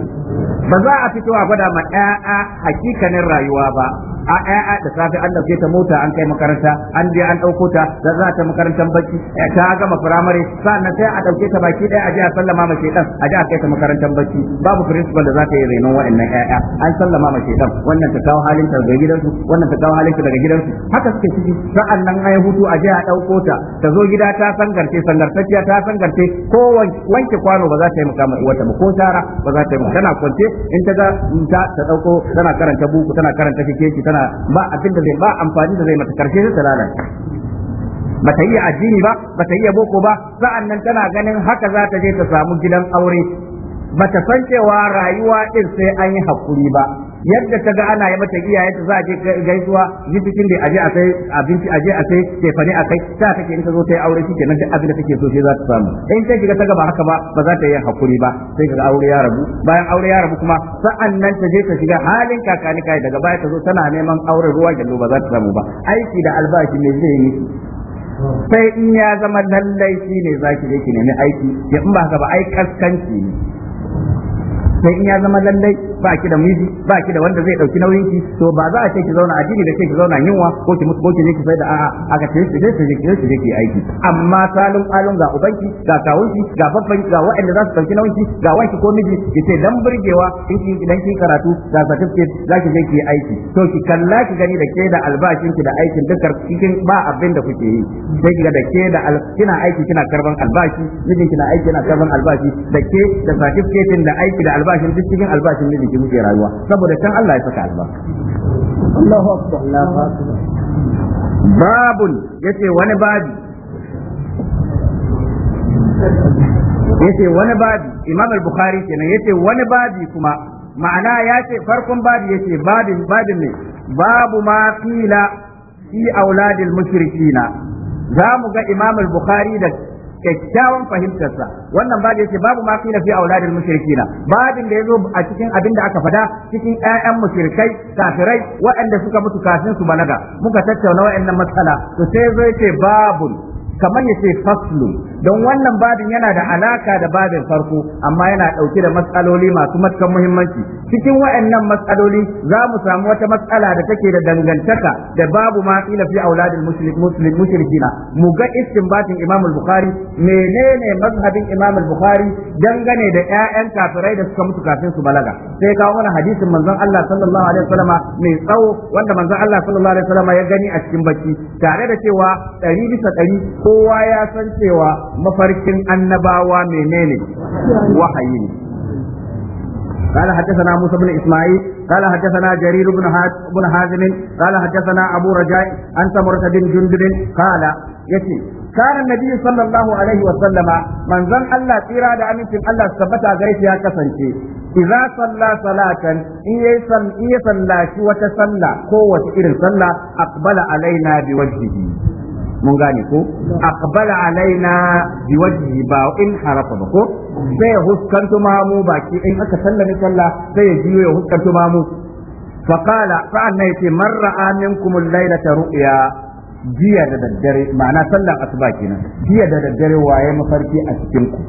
ba za a fito a gwada ma ƴaƴa hakikanin rayuwa ba a ƴaƴa da safe an dauke ta mota an kai makaranta an je an ɗauko ta da za ta makarantar bacci eh, ta gama firamare sannan sai a ɗauke ta baki ɗaya a je a sallama ma shedan a je a kai ta makarantar bacci babu principal da za ta yi renon waɗannan ƴaƴa an sallama ma shedan wannan ta kawo halin ta daga gidansu wannan ta kawo halin ta daga gidansu haka suke ciki sa'an nan ai hutu a je a ɗauko ta ta zo gida ta sangarce sangartacciya ta sangarce ko wanke kwano ba za ta yi mukama wata ba ko tara ba za ta yi tana kwance in ta ga ta ta dauko tana karanta buku tana karanta kike tana ba abin da zai ba amfani da zai mata karshe ta lalace bata yi addini ba bata yi boko ba sa'an nan tana ganin haka za ta je ta samu gidan aure bata san cewa rayuwa din sai an yi hakuri ba yadda ta ga ana yi mata iyayenta za a je gaisuwa yi cikin da aje a sai abinci aje a sai tefani a kai ta take in ta zo ta yi aure shi kenan da abin da take so sai za ta samu in ta shiga ta ga ba haka ba ba za ta yi hakuri ba sai ga aure ya rabu bayan aure ya rabu kuma sa'an nan ta je ta shiga halin kakani kai daga baya ta zo tana neman aure ruwa gello ba za ta samu ba aiki da albashi ne zai yi sai in ya zama lallai shi ne za ki je ki nemi aiki in ba haka ba ai kaskanci ne sai in ya zama lallai ba ki da miji ba ki da wanda zai dauki nauyin ki to ba za a ce ki zauna addini da ce ki zauna yunwa ko ki mutu ko ki ne ki sai da a'a aka ce ki je ki je ki aiki amma salon alun ga ubanki ga kawunki ga babban ga waɗanda za su dauki nauyin ki ga wanki ko miji ki ce dan burgewa in ki dan ki karatu ga certificate za ki je ki aiki to ki kalla ki gani da ke da albashin ki da aikin dukkan cikin ba abin da kuke yi sai ki ga da ke da kina aiki kina karban albashi mijin kina aiki kina karban albashi da ke da certificate da aiki da albashin duk cikin albashin mijin muke muke rayuwa saboda can Allah ya saka albarka Allahu akbar Allahu babun yace wani babi yace wani babi Imam al-Bukhari kenan yace wani babi kuma ma'ana yace farkon babi yace babin babin ne babu ma fila fi auladil mushrikina za mu ga Imam al-Bukhari da kyakkyawan fahimtarsa wannan da yace babu ma fina fi auladil mushrikina babin da yazo a cikin abin da aka fada cikin ƴaƴan mushrikai kafirai waɗanda suka mutu kafin su balaga muka tattauna waɗannan matsala to sai yazo yake babun kamar ya ce faslu don wannan babin yana da alaka da babin farko amma yana ɗauke da matsaloli masu matukan muhimmanci cikin waɗannan matsaloli za mu samu wata matsala da take da dangantaka da babu ma ila fi auladil muslim mushrikina mu ga istinbatin imam al-bukhari menene mazhabin imam al-bukhari dangane da ƴaƴan kafirai da suka mutu kafin su balaga sai kawo mana hadisin manzon Allah sallallahu alaihi wasallam mai tsawo wanda manzon Allah sallallahu alaihi wasallam ya gani a cikin bacci tare da cewa ɗari bisa 100 ko kowa ya san cewa mafarkin annabawa menene wahayi ne قال حدثنا موسى بن اسماعيل قال حدثنا جرير بن بن حازم قال حدثنا ابو رجاء عن سمرة بن جندب قال يتي كان النبي صلى الله عليه وسلم من ظن الله تيرا دا امين الله ثبت غير يا كسنتي إذا صلى صلاة إن يصلى شو وتصلى قوة إلى صلى أقبل علينا بوجهه mun gane ko aqbala alaina biwajhi ba in harafa ba ko sai ya ma mu baki in aka sallame sallah sai ya jiyo ya huskanto mamu fa qala fa anna yati marra aminkum al-lailata ru'ya jiya da daddare ma'ana sallan asuba kenan jiya da daddare waye mafarki a cikin ku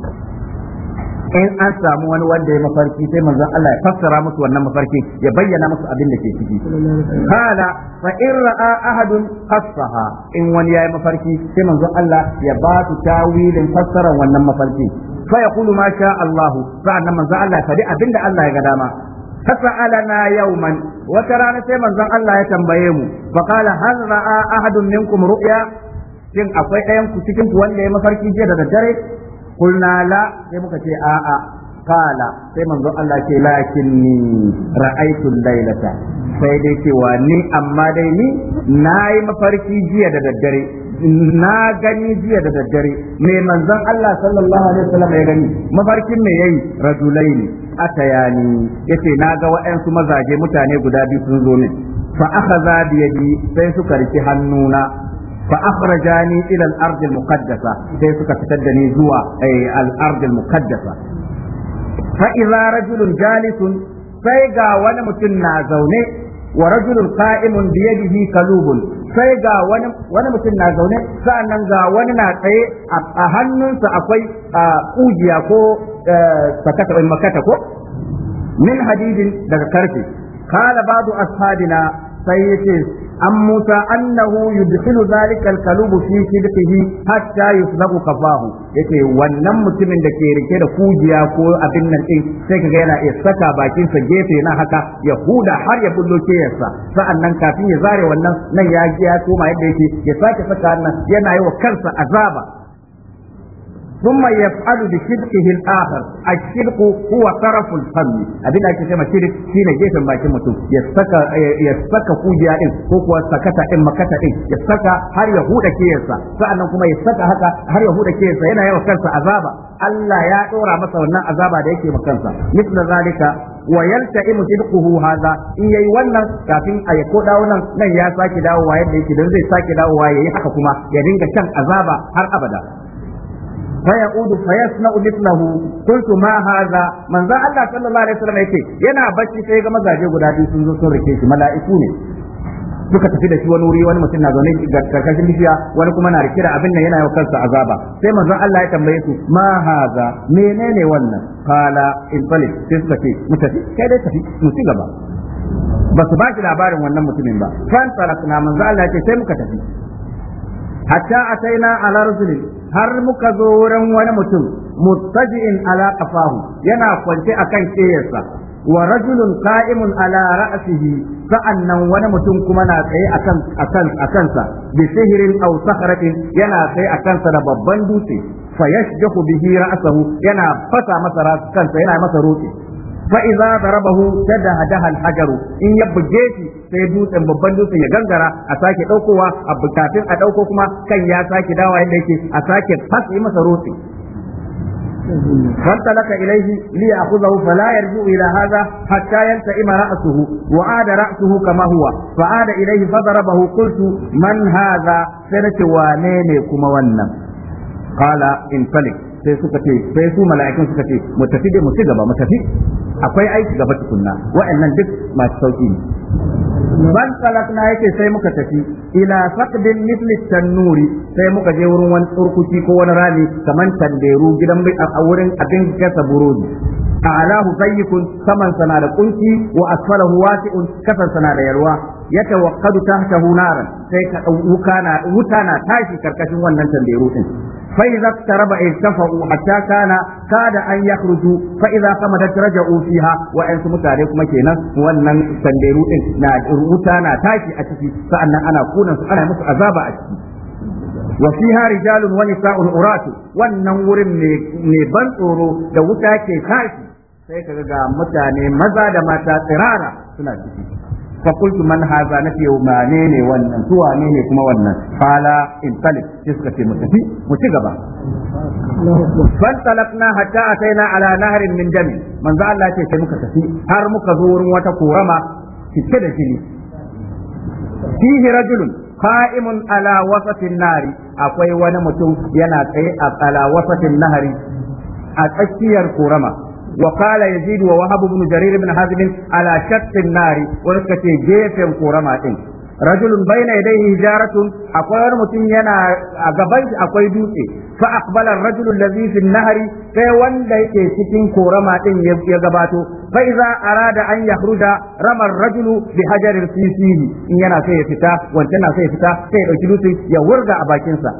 in an samu wani wanda ya mafarki sai manzon Allah ya fassara musu wannan mafarki ya bayyana musu abin da ke ciki kala fa in ra'a ahadun qassaha in wani yayi mafarki sai manzon Allah ya ba su tawilin fassara wannan mafarki fa yaqulu ma sha Allah sa'annan manzon Allah ya faɗi abin da Allah ya ga dama Wata rana فسألنا يوما وترانا سيما زن الله يتنبيه فقال هل رأى أحد منكم رؤيا shin akwai ɗayan ku cikin ku wanda ya mafarki jiya da daddare kulna la sai muka ce a'a fala sai manzo Allah ce lakinni ra'aytu laylata sai dai cewa ni amma dai ni nayi mafarki jiya da daddare na gani jiya da daddare mai manzon Allah sallallahu alaihi wasallam ya gani mafarkin me yayi rajulain atayani yace na ga wa'ansu mazaje mutane guda biyu sun zo min fa akhadha bi yadi sai suka riki hannuna fa akhrajani ila al-ard al-muqaddasa sai suka fitar da ni zuwa eh, al-ard al-muqaddasa fa idza rajulun jalisun sai ga wani mutum na zaune wa rajulun qa'imun bi yadihi kalubun sai ga wani mutum na zaune sa'annan ga wani na tsaye a hannunsa akwai kujiya ko eh, sakata eh, makata ko min hadidin daga karfe قال بعض أصحابنا sai yace عن Annahu, أنه يدخل ذلك الكلب في كبته حتى يفلق قفاه yake wannan mutumin da ke rike da kujiya ko abin nan din sai kaga yana iya saka bakin sa gefe na haka ya huda har ya bullo kiyarsa sa'an nan kafin ya zare wannan nan ya ji ya koma yadda yake ya sake saka nan yana yi wa kansa azaba ثم يفعل بشدقه الاخر الشدق هو طرف الفم ابين ake cewa shirk shine gefen bakin mutum ya saka ya saka ko kuwa sakata din makata din ya saka har ya huɗa keyarsa. kiyarsa nan kuma ya saka haka har ya huɗa keyarsa, yana yawa kansa azaba Allah ya dora masa wannan azaba da yake makansa. misla zalika wa yalta'imu sidquhu hadha in yayi wannan kafin a ya koda wannan nan ya dawo dawowa da yake don zai saki dawowa yi haka kuma ya dinga shan azaba har abada فيقول فيصنع مثله قلت ما هذا من ذا الله صلى الله عليه وسلم يتي ينا بشي sai ga mazaje guda biyu sun zo sun rike shi mala'iku ne suka tafi da shi wani wuri wani mutum na zaune ga karkashin bishiya wani kuma na rike da abin nan yana yau kansa azaba sai manzon Allah ya tambaye su ma haza menene wannan kala in sai suka ce mutafi kai dai tafi mu ci gaba ba su ba shi labarin wannan mutumin ba fan talakna manzo Allah ya ce sai muka tafi hatta ataina ala rasulin har muka zo wurin wani mutum muttaji'in ala qafahu yana kwance akan kiyarsa wa rajulun qa'imun ala ra'sihi sa'annan wani mutum kuma na tsaye akan akan akansa bi sihrin aw sahratin yana tsaye akansa da babban dutse bi bihi ra'sahu yana fasa masa kansa yana masa roƙi فإذا ضربه شدها دها in إن shi sai dutsen babban dutsen ya gangara a sake daukowa a kafin a dauko kuma kan ya sake dawo yadda yake a sake fas yi masa rotsi fanta laka ilaihi li ya'khudhu fala yarju ila hadha hatta yanta'ima ra'suhu wa ada ra'suhu kama huwa fa ada ilaihi fa darabahu qultu man hadha sai nace wane kuma wannan qala in sai suka ce sai su mala'ikun suka ce mu tafi da mu ci gaba mu tafi akwai aiki gaba tukunna wa'annan duk masu sauki ne na salatna yake sai muka tafi ila saqdin mithli tannuri sai muka je wurin wani tsurkuki ko wani rami kaman tanderu gidan a wurin abin gasa burodi alahu sayyikun saman sana da kunki wa asfalahu wasi'un kasar sana da yalwa yatawaqqadu tahtahu naran sai ka wuta na tashi karkashin wannan tanderu din فإذا اقترب ارتفعوا حتى كان كاد أن يخرجوا فإذا قمدت رجعوا فيها وإن سمتاريك مكينا وأن إن وتانا تاشي أتكي فأنا أنا كون أنا مس عذاب أتكي وفيها رجال ونساء عراة والنور نبن tsoro da wuta ke kashi sai kaga ga mutane maza da fa qultu man hadha nafi ma ne wannan su wane ne kuma wannan fala intalik sai suka ce mu tafi mu ci gaba fantalaqna hatta ataina ala nahrin min dami manzo Allah ce sai muka tafi har muka zo wurin wata korama cike da jini fihi rajulun qa'imun ala wasatin nari akwai wani mutum yana tsaye a ala wasatin nahari a tsakiyar korama وقال يزيد ووهب بن جرير بن حازم على شق النار وركتي جيف كورما رجل بين يديه حجارة أقوى متين ينا أقبل أقوى دوتي فأقبل الرجل الذي في النهر في فوان ديك سكين كورما يقباتو فإذا أراد أن يخرج رمى الرجل بحجر سيسيه إن ينا سيفتا وانتنا سيفتا سيفتا يورد أباكينسا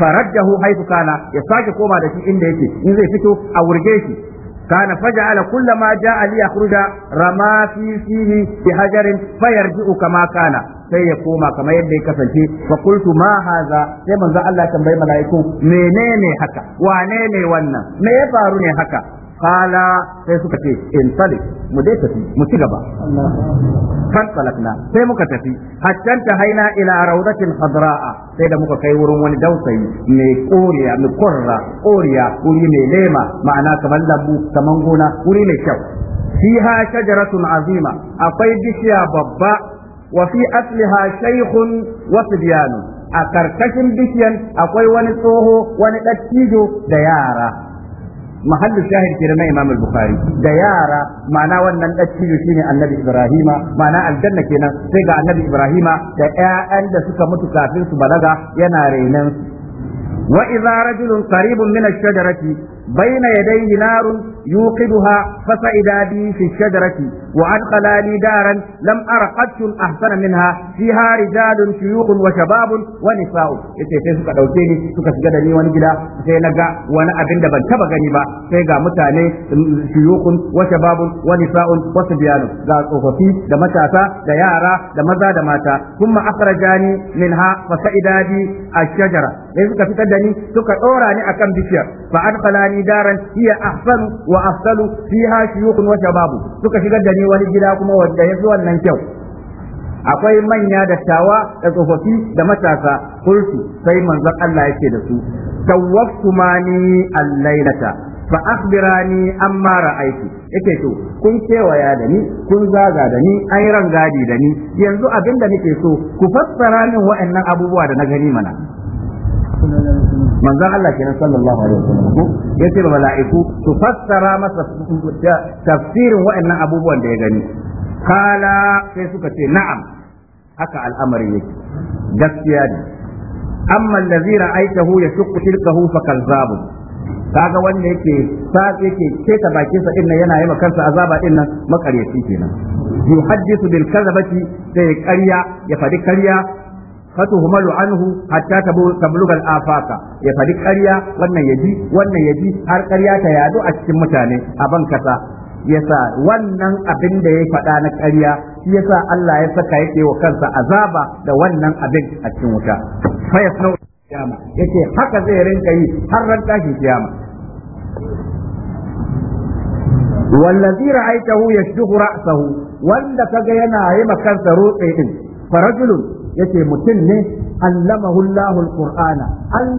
فرجه حيث كان يساك كوما دشي إن ديك إن زي فتو أورجيكي كان فجعل كل ما جاء ليخرج رما في فيه بحجر فيرجع كما كان sai ya koma kamar yadda ya kasance fa qultu ma haza sai manzo Allah tambayi mala'iku menene haka wane ne wannan me ya faru ne haka Kala sai suka ce in tsali mu dai tafi mu ci gaba kan salakna sai muka tafi Haccan ta haina ila rawdatin hadra'a sai da muka kai wurin wani dausayi mai koriya mai korra koriya wuri mai lema ma'ana kamar lambu kamar gona wuri mai kyau fiha shajaratun azima akwai bishiya babba wa fi asliha shaykhun wa sibyanu a karkashin bishiyan akwai wani tsoho wani dattijo da yara mahallu shahid kenan na Imam al-Bukhari da yara ma'ana wannan dattijo shine Annabi Ibrahima ma'ana aljanna kenan sai ga Annabi Ibrahima da ƴaƴan da suka mutu kafin su balaga yana renan wa idza rajulun qaribun min ash-shajarati بين يديه نار يوقدها فصعد بي في الشجرة daran lam'ar دارا لم أر قدش أحسن منها فيها رجال شيوخ وشباب ونساء yace sai suka dauke ni suka shiga da ni wani gida sai na ga wani abin da ban taba gani ba sai ga mutane shuyukun wace shababun wa nisa'un wa sibyanu ga tsofaffi da matasa da yara da maza da mata kuma akhrajani minha fa sa'idadi a shajara sai suka fitar da ni suka dora ni a kan bishiyar fa adqalani دارا هي أحسن وأفضل فيها شيوخ وشباب suka shigar da ni wani gida kuma wanda ya fi wannan kyau akwai manya da tawa da tsofaffi da matasa kursu sai manzon Allah yake da su tawaftumani al-lailata fa akhbirani amma ra'aiti yake to kun kewaya da ni kun zaga da ni an rangadi da ni yanzu abin da nake so ku fassara min wa'annan abubuwa da na gani mana manzon Allah kenan sallallahu alaihi wasallam ko yace ba mala'iku su fassara masa tafsirin wa'annan abubuwan da ya gani kala sai suka ce na'am haka al'amari yake gaskiya ne amma allazi ra'aitahu yashqu shirkahu fa kalzabun kaga wanda yake sa yake keta bakin sa din yana yi kansa azaba din nan makaryaci kenan yuhaddithu bil kadhabati sai ƙarya ya fadi ƙarya fatuhmalu anhu hatta tablugal afaka ya fadi ƙarya wannan yaji wannan yaji har ƙarya ta yadu a cikin mutane a ban kasa yasa wannan abin da ya faɗa na ƙarya shi yasa Allah ya saka yake wa kansa azaba da wannan abin a cikin wuta fa yasnau kiyama yace haka zai rinka yi har ran tashin kiyama wallazi ra'aitahu yashduhu ra'sahu wanda kaga yana yi kansa rotse ɗin farajulun yace mutum ne allamahu Allahu alqur'ana